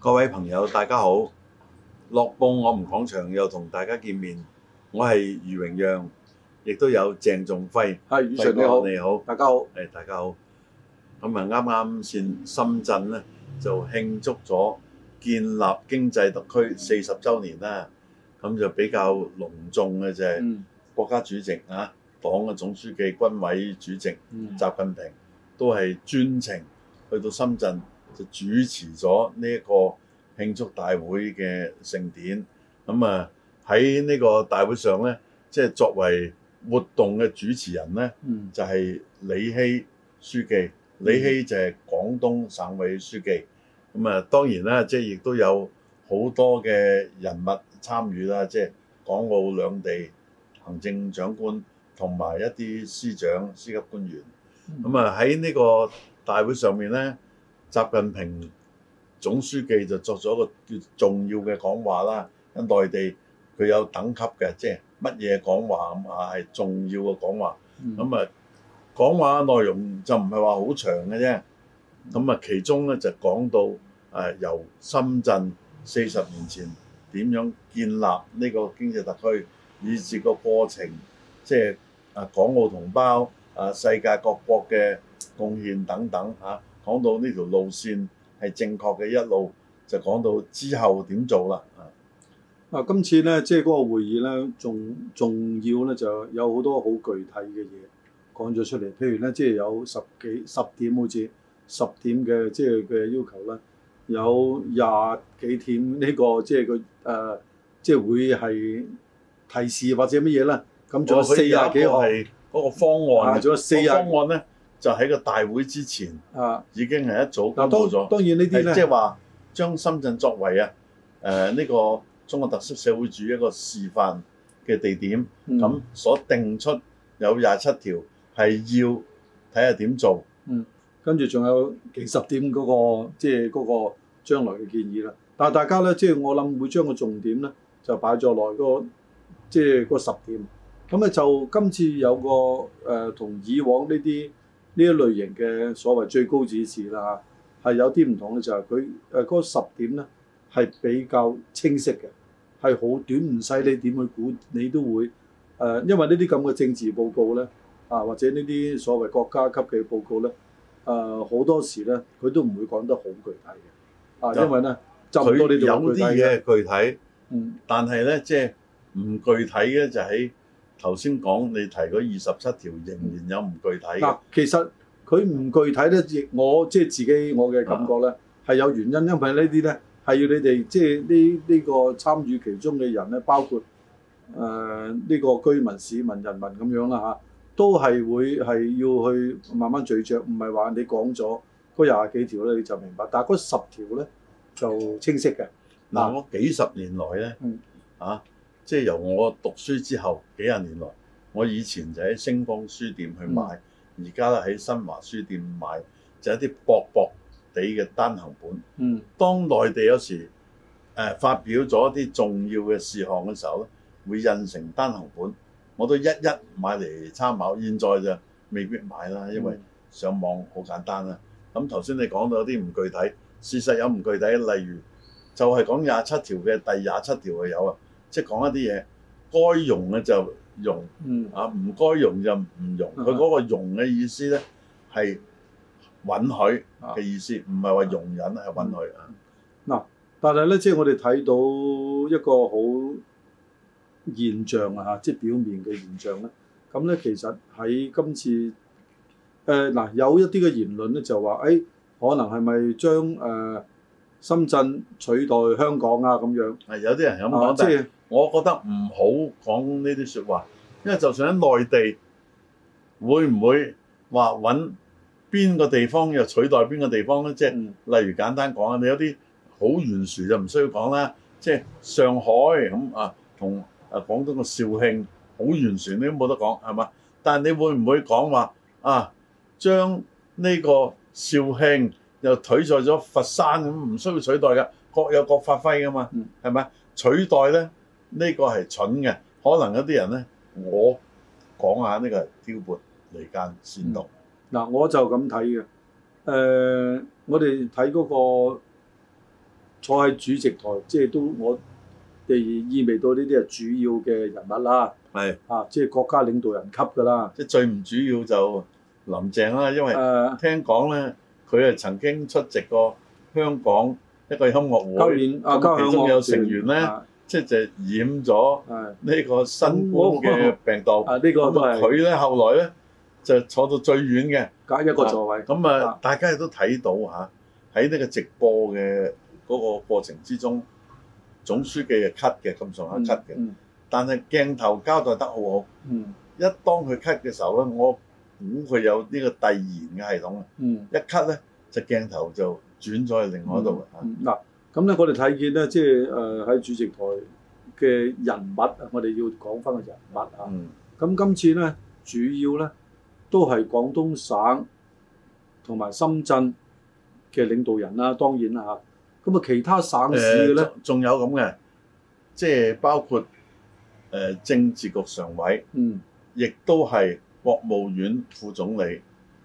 各位朋友，大家好！樂報我們講場，又同大家見面，我係余榮陽，亦都有鄭仲輝。係宇順你好，大家好，誒、哎，大家好。咁啊，啱啱先深圳呢，就慶祝咗建立經濟特區四十周年啦、啊，咁就比較隆重嘅就係、嗯。國家主席啊。黨嘅總書記、軍委主席習近平、嗯、都係專程去到深圳，就主持咗呢一個慶祝大會嘅盛典。咁啊，喺呢個大會上呢，即、就、係、是、作為活動嘅主持人呢，嗯、就係、是、李希書記。嗯、李希就係廣東省委書記。咁啊，當然啦，即係亦都有好多嘅人物參與啦，即、就、係、是、港澳兩地行政長官。同埋一啲司長、司級官員，咁啊喺呢個大會上面咧，習近平總書記就作咗一個叫重要嘅講話啦。喺內地，佢有等級嘅，即係乜嘢講話咁啊？係重要嘅講話。咁、嗯、啊，講話內容就唔係話好長嘅啫。咁啊，其中咧就講到、呃、由深圳四十年前點樣建立呢個經濟特區，以至個過程即係。即係啊，港澳同胞啊，世界各國嘅貢獻等等嚇、啊，講到呢條路線係正確嘅，一路就講到之後點做啦啊！啊，今次呢，即係嗰個會議呢，仲仲要呢就有好多好具體嘅嘢講咗出嚟。譬如呢，即係有十幾十點好，好似十點嘅即係嘅要求啦，有廿幾點呢個即係佢誒，即係會係提示或者乜嘢呢？咁仲有四廿幾個係嗰個方案，做咗四廿個方案咧、啊啊，就喺個大會之前、啊、已經係一早交咗。咁、啊、當然呢啲咧，即係話將深圳作為啊呢、呃呢個中國特色社會主義一個示範嘅地點，咁、嗯、所定出有廿七條係要睇下點做。嗯，跟住仲有幾十點嗰、嗰個即係嗰個將來嘅建議啦。但係大家咧，即、就、係、是、我諗會將個重點咧就擺咗嗰個即係嗰十點。咁咧就今次有個誒同以往呢啲呢一類型嘅所謂最高指示啦，係有啲唔同嘅就係佢誒嗰十點咧係比較清晰嘅，係好短，唔使你點去估，你都會誒，因為呢啲咁嘅政治報告咧啊，或者呢啲所謂國家級嘅報告咧誒，好多時咧佢都唔會講得好具體嘅啊，因為咧佢有啲嘢具體，嗯，但係咧即係唔具體嘅就喺。頭先講你提嗰二十七條仍然有唔具體嘅嗱、啊，其實佢唔具體咧，亦我即係、就是、自己我嘅感覺咧，係、啊、有原因，因為這些呢啲咧係要你哋即係呢呢個參與其中嘅人咧，包括誒呢、呃這個居民、市民、人民咁樣啦嚇、啊，都係會係要去慢慢聚着，唔係話你講咗嗰廿幾條咧你就明白，但係嗰十條咧就清晰嘅。嗱，我幾十年來咧，啊。嗯，啊即係由我讀書之後幾十年來，我以前就喺星光書店去買，而家咧喺新華書店買，就是、一啲薄薄地嘅單行本。嗯，當內地有時誒、呃、發表咗一啲重要嘅事項嘅時候咧，會印成單行本，我都一一買嚟參考。現在就未必買啦，因為上網好簡單啦。咁頭先你講到有啲唔具體，事實有唔具體，例如就係、是、講廿七條嘅第廿七條嘅有啊。即係講一啲嘢，該容嘅就容，啊、嗯、唔該容就唔容。佢、嗯、嗰個容嘅意思咧係、嗯、允許嘅意思，唔係話容忍係、嗯、允許啊。嗱、嗯，但係咧，即係我哋睇到一個好現象啊，嚇，即係表面嘅現象咧。咁咧，其實喺今次誒嗱、呃呃，有一啲嘅言論咧就話，誒、哎、可能係咪將誒？呃深圳取代香港啊，咁樣係有啲人咁講。即、啊、係、就是、我覺得唔好講呢啲說話，因為就算喺內地，會唔會話揾邊個地方又取代邊個地方咧？即、就、係、是、例如簡單講啊，你有啲好完殊就，就唔需要講啦。即係上海咁啊，同啊廣東嘅肇慶好懸殊，你都冇得講係嘛？但係你會唔會講話啊？將呢個肇慶又取代咗佛山咁，唔需要取代噶，各有各發揮噶嘛，係、嗯、咪？取代咧呢、呢個係蠢嘅，可能一啲人咧，我講下呢、呢個挑撥離間先動。嗱、嗯，我就咁睇嘅。我哋睇嗰個坐喺主席台，即、就、係、是、都我哋意味到呢啲係主要嘅人物啦。啊，即、就、係、是、國家領導人級噶啦。即係最唔主要就林鄭啦，因為聽講咧。呃佢係曾經出席過香港一個音樂會，咁、啊、其中有成員咧，即係、啊就是、染咗呢個新冠嘅病毒。咁、嗯、啊，佢、啊、咧、這個、後來咧就坐到最遠嘅，隔一個座位。咁啊、啊、啊，大家亦都睇到嚇喺呢個直播嘅嗰個過程之中，總書記啊咳嘅咁上下咳嘅，但係鏡頭交代得好，喎、嗯、一當佢咳嘅時候咧，我咁佢有呢個遞延嘅系統啊、嗯，一 cut 咧隻鏡頭就轉咗去另外一度嘅。嗱、嗯，咁、嗯、咧我哋睇見咧，即係誒喺主席台嘅人物，我哋要講翻個人物、嗯、啊。咁今次咧主要咧都係廣東省同埋深圳嘅領導人啦，當然啊，咁啊其他省市嘅咧，仲、呃、有咁嘅，即、就、係、是、包括誒、呃、政治局常委，嗯，亦都係。國務院副總理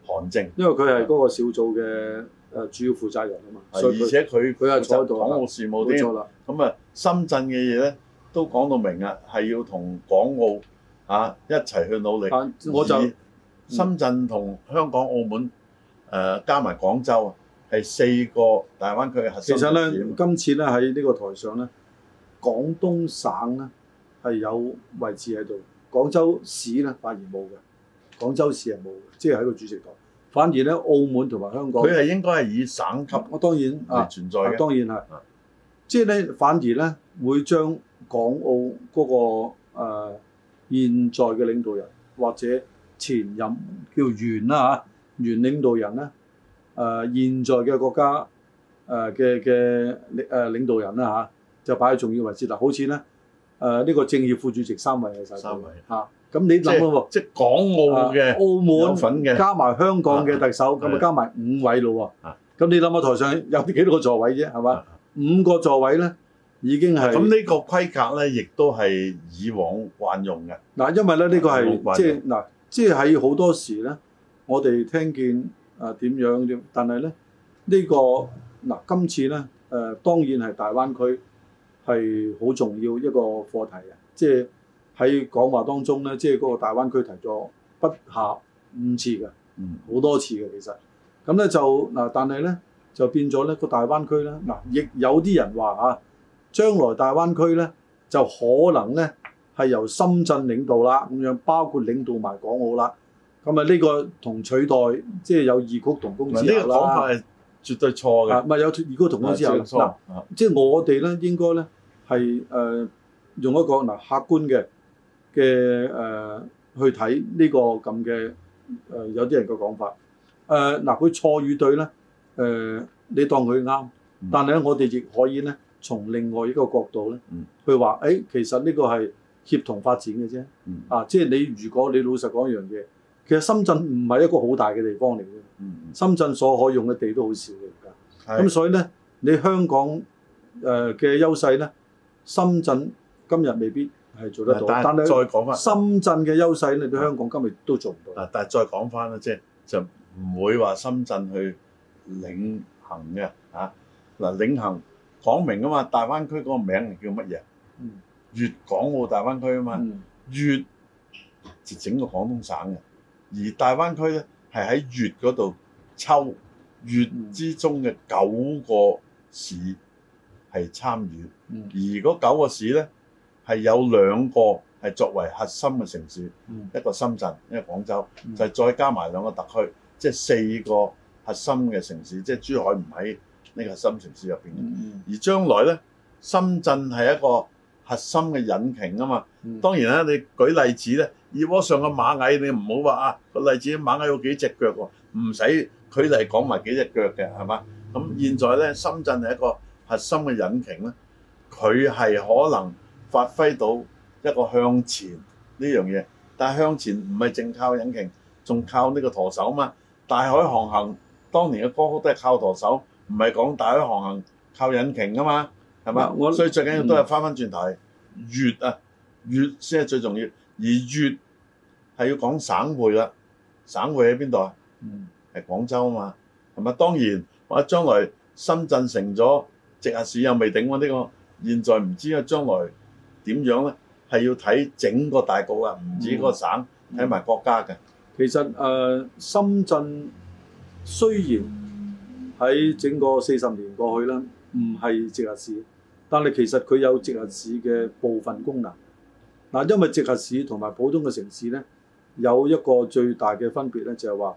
韓正，因為佢係嗰個小組嘅誒主要負責人啊嘛，而且佢佢係坐喺度，港澳事務啲咁啊，深圳嘅嘢咧都講到明是啊，係要同港澳啊一齊去努力。啊、我就、嗯、深圳同香港澳門誒、啊、加埋廣州啊，係四個大灣區嘅核心。其實咧，今次咧喺呢個台上咧，廣東省咧係有位置喺度，廣州市咧反而冇嘅。廣州市係冇，即係喺個主席台。反而咧，澳門同埋香港，佢係應該係以省級。我當然啊，存在嘅，當然係、啊啊。即係咧，反而咧會將港澳嗰、那個誒、呃、現在嘅領導人，或者前任叫原啦嚇，原、啊、領導人咧誒、啊、現在嘅國家誒嘅嘅誒領導人啦嚇、啊，就擺喺重要位置嗱。好似咧誒呢、啊這個政協副主席三位係曬。三位嚇。啊。咁你諗咯喎，即係港澳嘅，澳門嘅加埋香港嘅特首，咁啊加埋五位咯喎。咁你諗下台上有幾多個座位啫？係嘛？五個座位咧，已經係咁呢個規格咧，亦都係以往慣用嘅。嗱，因為咧呢個係即係嗱，即係喺好多時咧，我哋聽見誒點樣啫。但係咧呢個嗱今次咧誒，當然係大灣區係好重要一個課題嘅，即係。喺講話當中咧，即係嗰個大灣區提咗不下五次嘅，好、嗯、多次嘅其實。咁咧就嗱，但係咧就變咗咧個大灣區咧嗱，亦、嗯、有啲人話啊，將來大灣區咧就可能咧係由深圳領導啦，咁樣包括領導埋港澳啦。咁啊呢個同取代即係、就是、有異曲同工之妙啦。這個、絕對錯嘅，唔係、啊、有異曲同工之後啦。即係、嗯就是、我哋咧應該咧係誒用一個嗱、呃、客觀嘅。嘅誒、呃、去睇、呃呃、呢個咁嘅誒有啲人嘅講法誒嗱，佢錯與對咧誒你當佢啱、嗯，但係咧我哋亦可以咧從另外一個角度咧、嗯、去話誒其實呢個係協同發展嘅啫、嗯、啊即係你如果你，你老實講一樣嘢，其實深圳唔係一個好大嘅地方嚟嘅、嗯嗯，深圳所可用嘅地都好少嘅而家，咁所以咧你香港誒嘅優勢咧，深圳今日未必。係做得到，但係再講翻，深圳嘅優勢你對香港今日都做唔到。嗱，但係再講翻啦，即係就唔、是、會話深圳去領行嘅嚇。嗱、啊，領行講明啊嘛，大灣區嗰個名叫乜嘢？嗯，粵港澳大灣區啊嘛。嗯。粵就整個廣東省嘅，而大灣區咧係喺粵嗰度抽粵之中嘅九個市係參與。嗯。而嗰九個市咧。係有兩個係作為核心嘅城市、嗯，一個深圳，一個廣州，嗯、就係、是、再加埋兩個特區，即、就、係、是、四個核心嘅城市，即、就、係、是、珠海唔喺呢個核心城市入邊、嗯。而將來呢，深圳係一個核心嘅引擎啊嘛、嗯。當然啦，你舉例子咧，熱鍋上嘅螞蟻，你唔好話啊個例子螞蟻有幾隻腳喎？唔使佢嚟講埋幾隻腳嘅係嘛？咁、嗯、現在呢，深圳係一個核心嘅引擎咧，佢係可能。發揮到一個向前呢樣嘢，但係向前唔係淨靠引擎，仲靠呢個舵手啊嘛！大海航行當年嘅歌曲都係靠舵手，唔係講大海航行靠引擎啊嘛，係嘛？所以最緊要都係翻翻轉頭題，粵、嗯、啊粵先係最重要，而粵係要講省會啦，省會喺邊度啊？係、嗯、廣州啊嘛，係嘛？當然話將來深圳成咗直轄市又未定喎、啊，呢、呢個現在唔知啊，將來。點樣咧？係要睇整個大局啊，唔止個省睇埋、嗯嗯、國家嘅。其實誒、呃，深圳雖然喺整個四十年過去啦，唔係直轄市，但係其實佢有直轄市嘅部分功能。嗱、呃，因為直轄市同埋普通嘅城市咧，有一個最大嘅分別咧，就係話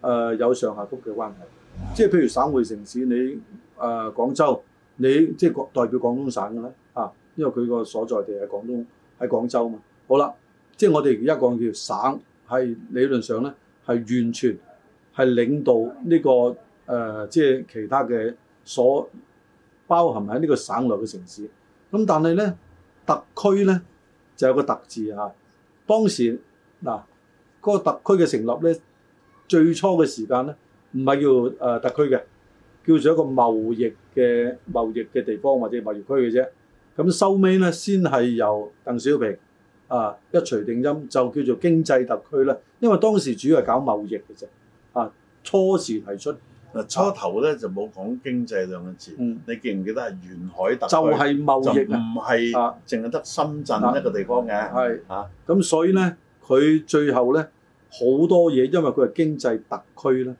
誒有上下級嘅關係。即係譬如省會城市，你誒廣、呃、州，你即係代表廣東省嘅咧嚇。啊。因為佢個所在地係廣東，喺廣州嘛。好啦，即係我哋而家講叫省，係理論上咧係完全係領導呢、這個誒、呃，即係其他嘅所包含喺呢個省內嘅城市。咁、嗯、但係咧特區咧就有一個特字嚇、啊。當時嗱嗰、啊那個特區嘅成立咧，最初嘅時間咧唔係叫誒、呃、特區嘅，叫做一個貿易嘅貿易嘅地方或者貿易區嘅啫。咁收尾咧，先係由鄧小平啊一錘定音，就叫做經濟特區啦。因為當時主要係搞貿易嘅啫啊。初時提出嗱，初頭咧、啊、就冇講經濟兩個字。嗯。你記唔記得係沿海特區？就係、是、貿易，就唔係淨係得深圳一個地方嘅。係、啊、咁、啊啊啊啊、所以咧，佢最後咧好多嘢，因為佢係經濟特區咧，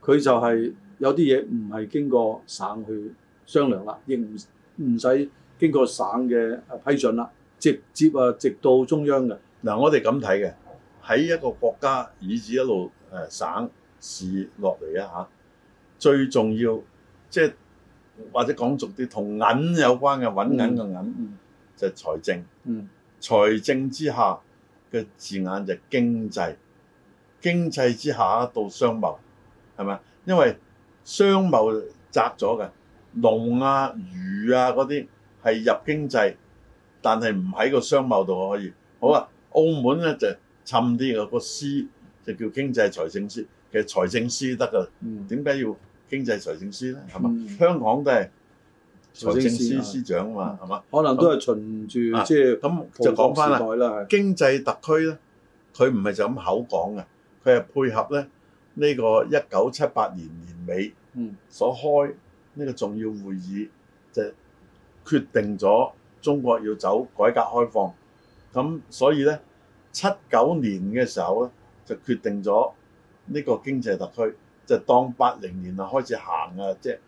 佢就係有啲嘢唔係經過省去商量啦，亦唔唔使。經過省嘅批准啦，直接啊，直到中央嘅。嗱，我哋咁睇嘅喺一個國家，以至一路、呃、省市落嚟啊嚇。最重要即係或者講俗啲，同銀有關嘅揾銀嘅銀就係、是、財政。財、嗯、政之下嘅字眼就係經濟，經濟之下到商貿，係咪？因為商貿窄咗嘅，農啊、魚啊嗰啲。係入經濟，但係唔喺個商貿度可以。好啊、嗯，澳門咧就沉啲嘅，個司就叫經濟財政司嘅、就是、財政司得噶。點、嗯、解要經濟財政司咧？係、嗯、嘛？香港都係財政司、啊、司長啊嘛，係、嗯、嘛？可能都係循住即係咁就講翻啦。經濟特區咧，佢唔係就咁口講嘅，佢係配合咧呢、個一九七八年年尾嗯、所開呢個重要會議、嗯、就是。決定咗中國要走改革開放，咁所以咧七九年嘅時候咧就決定咗呢個經濟特區就當八零年啊開始行啊，即係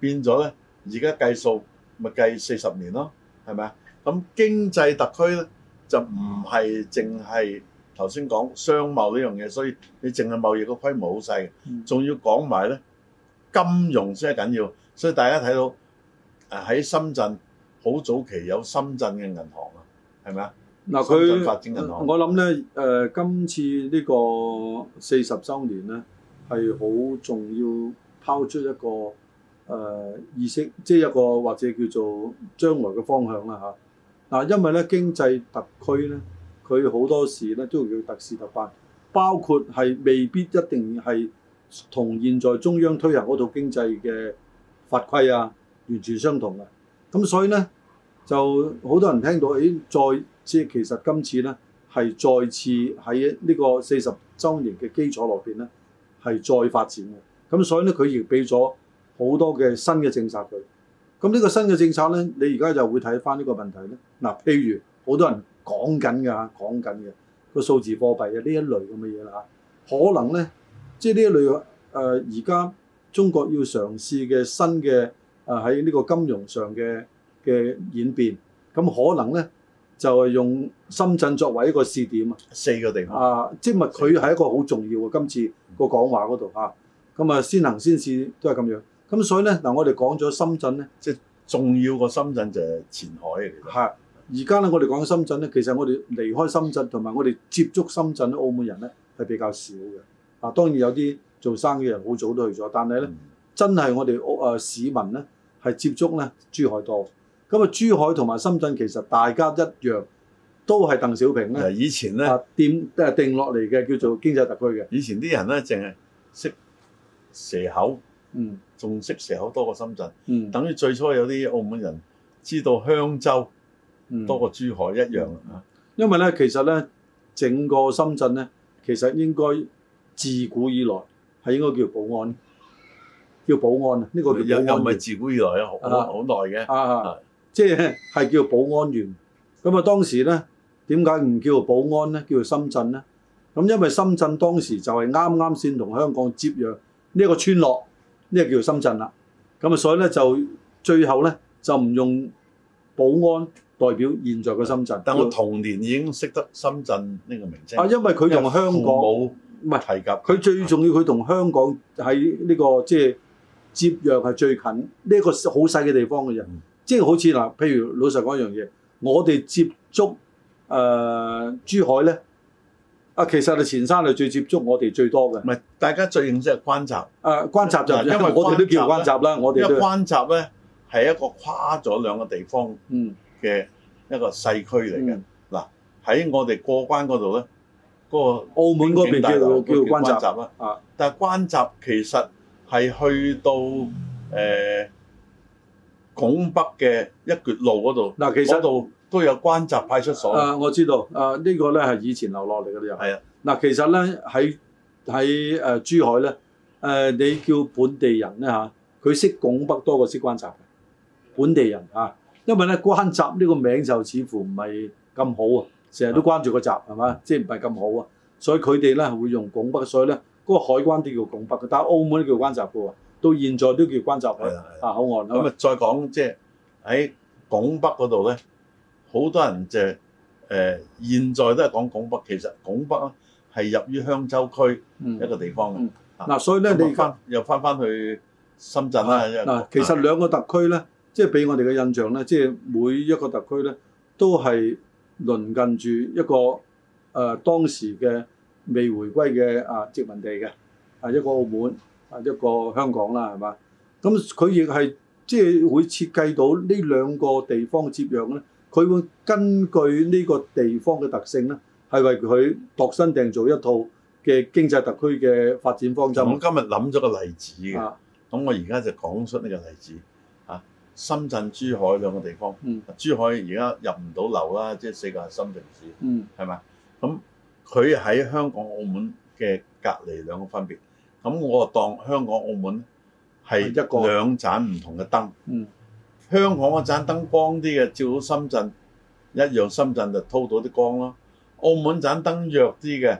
變咗咧。而家計數咪計四十年咯，係咪啊？咁經濟特區咧就唔係淨係頭先講商貿呢樣嘢，所以你淨係貿易個規模好細，仲要講埋咧金融先係緊要，所以大家睇到誒喺深圳。好早期有深圳嘅銀行啊，係咪啊？嗱，佢發展銀行，我諗咧，誒、呃，今次這個呢個四十週年咧，係、嗯、好重要，拋出一個誒、呃、意識，即係一個或者叫做將來嘅方向啦吓，嗱、啊，因為咧經濟特區咧，佢好多時咧都要特事特辦，包括係未必一定係同現在中央推行嗰套經濟嘅法規啊完全相同嘅，咁所以咧。就好多人聽到，誒、哎、再即係其實今次咧係再次喺呢個四十周年嘅基礎內邊咧係再發展嘅，咁所以咧佢亦俾咗好多嘅新嘅政策佢。咁呢個新嘅政策咧，你而家就會睇翻呢個問題咧。嗱、啊，譬如好多人講緊㗎，講緊嘅個數字貨幣啊呢一類咁嘅嘢啦嚇，可能咧即係呢、就是、這一類誒而家中國要嘗試嘅新嘅誒喺呢個金融上嘅。嘅演變，咁可能呢，就係、是、用深圳作為一個試點啊，四個地方啊，即咪佢係一個好重要嘅今次個講話嗰度嚇，咁、嗯、啊先行先試都係咁樣，咁所以呢，嗱我哋講咗深圳呢，即重要個深圳就係前海嚟。而家呢，我哋講深圳呢，其實我哋離開深圳同埋我哋接觸深圳嘅澳門人呢，係比較少嘅，啊當然有啲做生意嘅人好早都去咗，但係呢，嗯、真係我哋屋、呃、市民呢，係接觸呢珠海多。咁啊，珠海同埋深圳其實大家一樣，都係鄧小平咧。以前咧，點、啊、定落嚟嘅叫做經濟特區嘅。以前啲人咧，淨係識蛇口，嗯，仲識蛇口多過深圳，嗯，等於最初有啲澳門人知道香洲、嗯、多過珠海一樣啊、嗯。因為咧，其實咧，整個深圳咧，其實應該自古以來係應該叫寶安，叫寶安，呢、呢個叫寶安。又唔係自古以來啊，好耐嘅。啊。即係係叫保安員，咁啊當時咧點解唔叫做保安咧？叫做深圳咧？咁因為深圳當時就係啱啱先同香港接壤，呢個村落呢就、呢個、叫做深圳啦。咁啊所以咧就最後咧就唔用保安代表現在嘅深圳。但我童年已經識得深圳呢個名稱。啊，因為佢同香港冇唔係提及。佢最重要，佢同香港喺呢、呢個即係、就是、接壤係最近呢一、呢個好細嘅地方嘅人。即係好似嗱，譬如老實講一樣嘢，我哋接觸誒、呃、珠海咧，啊，其實係前三年最接觸我哋最多嘅。唔係，大家最認識係關閘。誒、啊，關閘就係因為我哋都叫關閘啦，我哋。一關閘咧係一個跨咗兩個地方嘅一個細區嚟嘅。嗱、嗯，喺、啊、我哋過關嗰度咧，嗰、那個警警大大澳門嗰邊叫都叫關閘啦。啊，但係關閘其實係去到、呃拱北嘅一厥路嗰度，嗱，其實度都有關閘派出所。啊、呃，我知道，啊、呃、呢、這個咧係以前留落嚟嘅嘢。係啊，嗱、呃、其實咧喺喺誒珠海咧，誒、呃、你叫本地人咧嚇，佢、啊、識拱北多過識關閘嘅本地人嚇、啊，因為咧關閘呢個名字就似乎唔係咁好啊，成日都關住個閘係嘛，即係唔係咁好啊，所以佢哋咧會用拱北，所以咧嗰、那個海關都叫拱北嘅，但係澳門都叫關閘嘅喎。到現在都叫關閘口啊口岸。咁啊，再講即係喺拱北嗰度咧，好多人就誒、是呃，現在都係講拱北。其實拱北係入於香洲區一個地方嘅。嗱、嗯嗯嗯啊，所以咧，你翻又翻翻去深圳啦。嗱、啊啊，其實兩個特區咧，即係俾我哋嘅印象咧，即、就、係、是、每一個特區咧，都係鄰近住一個誒、呃、當時嘅未回歸嘅啊殖民地嘅啊一個澳門。一個香港啦，係嘛？咁佢亦係即係會設計到呢兩個地方嘅接壤咧，佢會根據呢個地方嘅特性咧，係為佢度身訂造一套嘅經濟特區嘅發展方針、嗯。我今日諗咗個例子嘅，咁、啊、我而家就講出呢個例子啊！深圳、珠海兩個地方，嗯、珠海而家入唔到樓啦，即係四個新城市，係、嗯、咪？咁佢喺香港、澳門嘅隔離兩個分別。咁我就當香港、澳門係一個,一個兩盞唔同嘅燈。嗯，香港一盞燈光啲嘅，照到深圳一樣，深圳就偷到啲光咯。澳門盞燈弱啲嘅，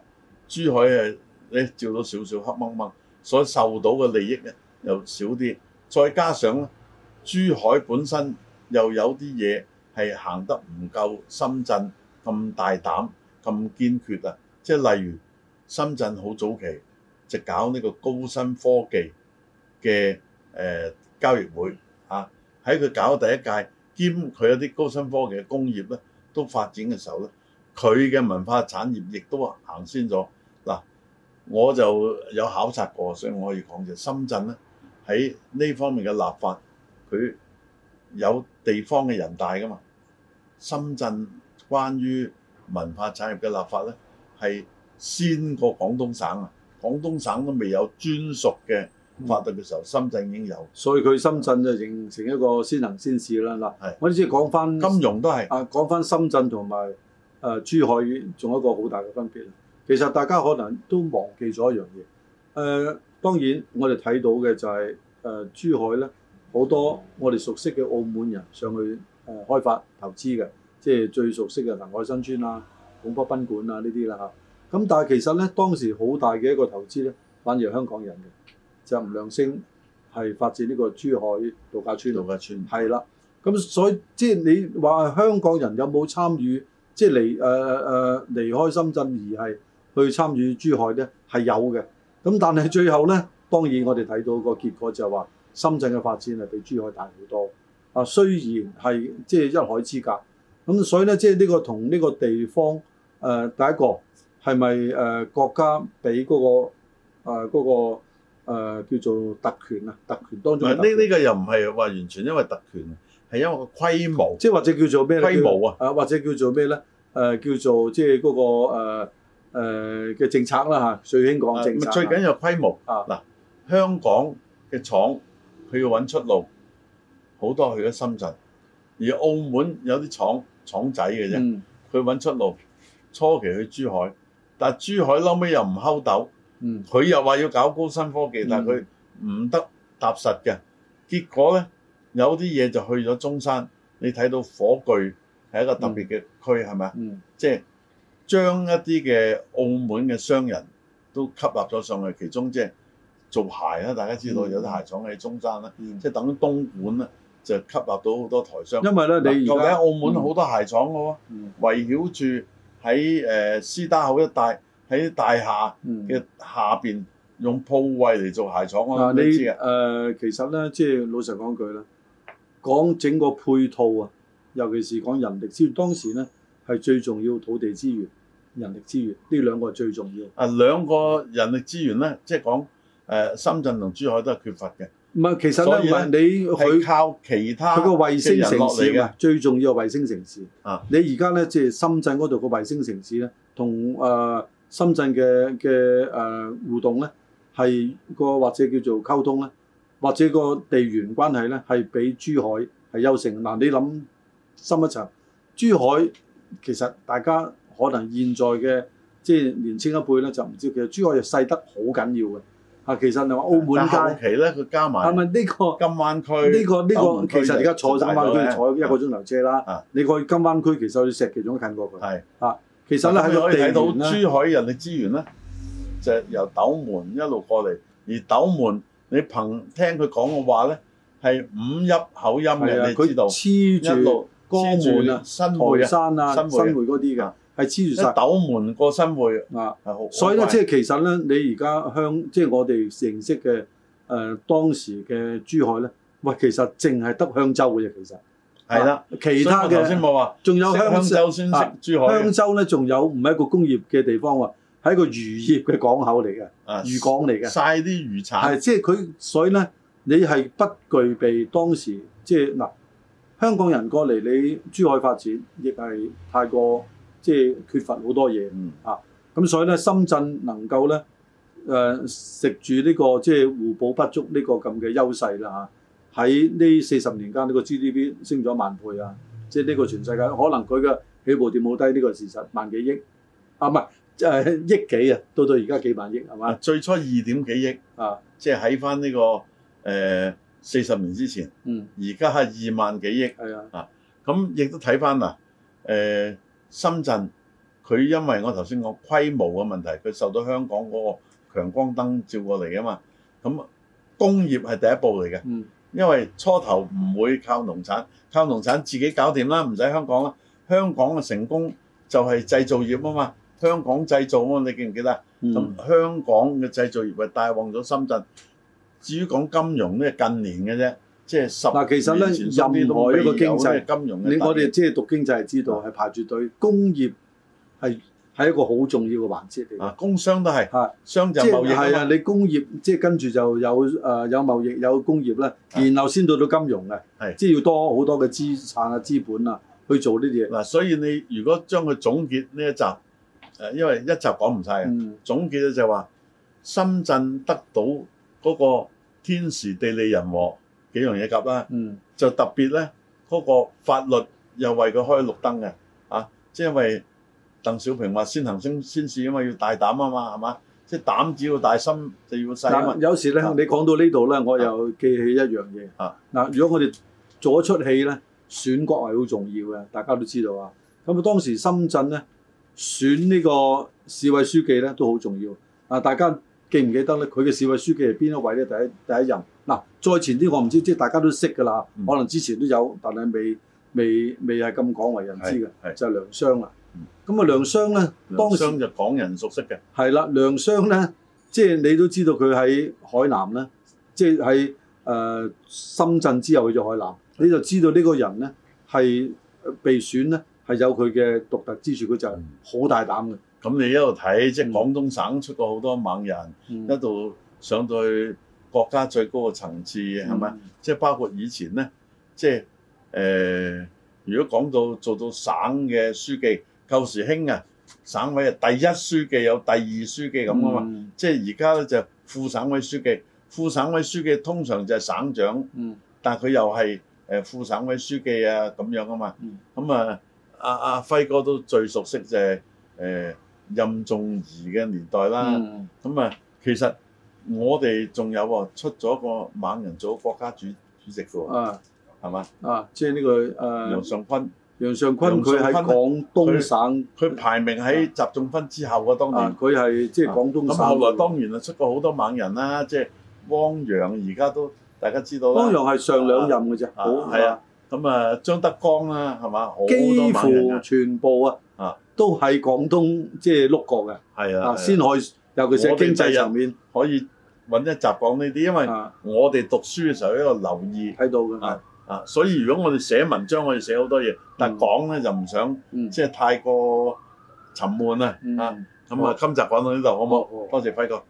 珠海係咧照到少少黑掹掹，所以受到嘅利益咧又少啲。再加上咧，珠海本身又有啲嘢係行得唔夠深圳咁大膽、咁堅決啊！即係例如深圳好早期。就搞呢個高新科技嘅誒、呃、交易會嚇，喺、啊、佢搞第一屆，兼佢有啲高新科技嘅工業咧，都發展嘅時候咧，佢嘅文化產業亦都行先咗。嗱、啊，我就有考察過，所以我可以講就，深圳咧喺呢方面嘅立法，佢有地方嘅人大噶嘛，深圳關於文化產業嘅立法咧，係先過廣東省啊。廣東省都未有專屬嘅發達嘅時候、嗯，深圳已經有，所以佢深圳就形成一個先行先試啦。嗱，我哋先講翻金融都係啊，講翻深圳同埋誒珠海仲有一個好大嘅分別啦。其實大家可能都忘記咗一樣嘢誒，當然我哋睇到嘅就係、是、誒、呃、珠海咧好多我哋熟悉嘅澳門人上去誒、呃、開發投資嘅，即係最熟悉嘅南海新村啦、啊、廣北賓館啦呢啲啦嚇。這些啊。咁但係其實咧，當時好大嘅一個投資咧，反而係香港人嘅。就吳、是、亮星係發展呢個珠海度假村。度假。村。係啦，咁所以即係你話香港人有冇參與，即係離誒誒、呃、離開深圳而係去參與珠海咧？係有嘅。咁但係最後咧，當然我哋睇到個結果就係話，深圳嘅發展係比珠海大好多。啊，雖然係即係一海之隔，咁所以咧，即係呢個同呢個地方誒、呃、第一個。係咪誒國家俾嗰、嗰個誒嗰、呃呃、叫做特權啊？特權當中權，呢呢、呢個又唔係話完全因為特權，係因為個規模，即係或者叫做咩咧規模啊？啊或者叫做咩咧？誒、呃、叫做即係嗰個誒嘅政策啦嚇。最應講政策，政策啊、最緊要規模啊！嗱，香港嘅廠佢要揾出路，好多去咗深圳，而澳門有啲廠廠仔嘅啫，佢、嗯、揾出路初期去珠海。但係珠海嬲尾又唔溝豆，佢、嗯、又話要搞高新科技，嗯、但佢唔得踏實嘅。結果咧，有啲嘢就去咗中山。你睇到火炬係一個特別嘅區，係咪啊？即係將一啲嘅澳門嘅商人都吸納咗上去。其中即係做鞋啦。大家知道有啲鞋廠喺中山啦、嗯嗯，即係等於東莞咧就吸納到好多台商。因為咧，你而家澳門好多鞋廠嘅喎、嗯嗯，圍繞住。喺誒司打口一帶，喺大廈嘅下面、嗯，用鋪位嚟做鞋廠咯、嗯，你知嘅、呃。其實咧，即、就、係、是、老實講句啦，講整個配套啊，尤其是講人力資源，當時咧係最重要土地資源、人力資源，呢兩個最重要。啊，兩個人力資源咧，即係講誒深圳同珠海都係缺乏嘅。.唔係，其實咧，唔係你佢靠其他佢個衛星城市啊，最重要嘅衛星城市。啊，你而家咧即係深圳嗰度個衛星城市咧，同啊、呃、深圳嘅嘅誒互動咧，係、個或者叫做溝通咧，或者個地緣關係咧，係比珠海係優勝。嗱、啊，你諗深一層，珠海其實大家可能現在嘅即係年青一輩咧就唔知，其實珠海係細得好緊要嘅。啊，其實你話澳門街，但後期咧佢加埋，啊咪呢個金灣區，呢、呢個呢、呢個、呢個、其實而家坐金灣區坐一個鐘頭車啦、啊啊。你過去金灣區，其實好似石岐仲近過佢。係啊，其實咧係可以睇到珠海人力資源咧、嗯，就係、由斗門一路過嚟。而斗門你憑聽佢講嘅話咧，係五邑口音嘅、啊，你知道黐住江門啊、台山啊、新會嗰啲㗎。係黐住曬，一斗門個新會啊，所以咧即係其實咧，你而家香即係我哋認識嘅誒、呃、當時嘅珠海咧，喂，其實淨係得香洲嘅啫，其實係啦，其他嘅先冇啊？仲有香洲先識珠海。香洲咧仲有唔係一個工業嘅地方喎，係一個漁業嘅港口嚟嘅、啊，漁港嚟嘅，晒啲漁產。係即係佢，所以咧你係不具備當時即係嗱，香港人過嚟你珠海發展，亦係太過。即係缺乏好多嘢，嗯啊，咁所以咧，深圳能夠咧誒食住呢個即係互補不足呢個咁嘅優勢啦，嚇。喺呢四十年間，呢個 GDP 升咗萬倍啊！即係呢個全世界可能佢嘅起步點好低呢個事實，萬幾億啊，唔係誒億幾啊，到到而家幾萬億係嘛？最初二點幾億啊，即係喺翻呢個誒四十年之前，而家係二萬幾億係啊啊！咁亦都睇翻啊誒深圳佢因為我頭先講規模嘅問題，佢受到香港嗰個強光燈照過嚟啊嘛，咁工業係第一步嚟嘅、嗯，因為初頭唔會靠農產，靠農產自己搞掂啦，唔使香港啦。香港嘅成功就係製造業啊嘛，香港製造啊嘛，你記唔記得啊？咁、嗯、香港嘅製造業係帶旺咗深圳。至於講金融咧，係近年嘅啫。即係十。嗱，其實咧，任何一個經濟、金融嘅，我哋即係讀經濟係知道係排住隊。工業係係一個好重要嘅環節嚟啊，工商都係嚇，商就貿易係啊。你工業即係跟住就有誒有貿易有工業啦，然後先到到金融嘅，係即係要多好多嘅資產啊、資本啊去做呢啲嘢。嗱、啊，所以你如果將佢總結呢一集誒，因為一集講唔晒、嗯，總結咧就係話深圳得到嗰個天時地利人和。幾樣嘢夾啦，就特別咧，嗰、那個法律又為佢開綠燈嘅，啊，即、就、係、是、因為鄧小平話先行先先試啊嘛，要大膽啊嘛，係嘛？即、就、係、是、膽只要大心，心就要細啊嘛。有時咧、啊，你講到這裡呢度咧，我又記起一樣嘢嚇。嗱、啊啊啊，如果我哋做一出戲咧，選角係好重要嘅，大家都知道啊。咁啊，當時深圳咧，選呢個市委書記咧都好重要。啊，大家記唔記得咧？佢嘅市委書記係邊一位咧？第一第一任。嗱、啊，再前啲我唔知道，即係大家都識㗎啦、嗯。可能之前都有，但係未未未係咁廣為人知嘅，就係、梁湘啦。咁、嗯、啊、嗯，梁湘咧，當時、梁湘就港人熟悉嘅。係啦，梁湘咧，即係你都知道佢喺海南咧，即係喺誒深圳之後去咗海南，你就知道呢個人咧係被選咧係有佢嘅獨特之處，佢就係好大膽嘅。咁、嗯、你一路睇，即係廣東省出過好多猛人，嗯、一路上到去。國家最高嘅層次係嘛、嗯？即係包括以前咧，即係誒、呃。如果講到做到省嘅書記，舊時興啊，省委啊，第一書記有第二書記咁啊嘛。即係而家咧就是、副省委書記，副省委書記通常就係省長，嗯、但係佢又係誒、呃、副省委書記啊咁樣啊嘛。咁、嗯、啊，阿、啊、阿輝哥都最熟悉就係、是、誒、呃、任仲夷嘅年代啦。咁、嗯、啊，其實。我哋仲有喎，出咗個猛人組國家主主席噶喎，係、啊、嘛？啊，即係呢、這個誒楊尚昆。楊尚昆佢喺廣東省，佢排名喺習仲勳之後嘅、啊。當年佢係即係廣東省。咁、啊、當然啊，出過好多猛人啦、啊，即、就、係、是、汪洋現在都，而家都大家知道汪洋係上兩任嘅啫、啊，好係啊。咁啊，啊，啊，啊，啊，張德江啦、啊，係嘛？幾乎多、啊、全部啊，啊都喺廣東即係碌過嘅。係、就是、啊，啊，啊，先可以，啊、尤其是經濟上面可以。揾一集講呢啲，因為我哋讀書嘅時候有一個留意，睇到嘅，啊，所以如果我哋寫文章寫，我哋寫好多嘢，但講咧就唔想，嗯、即係太過沉悶啦、嗯，啊，咁、嗯、啊，今集講到呢度，好唔好，好？多謝輝哥。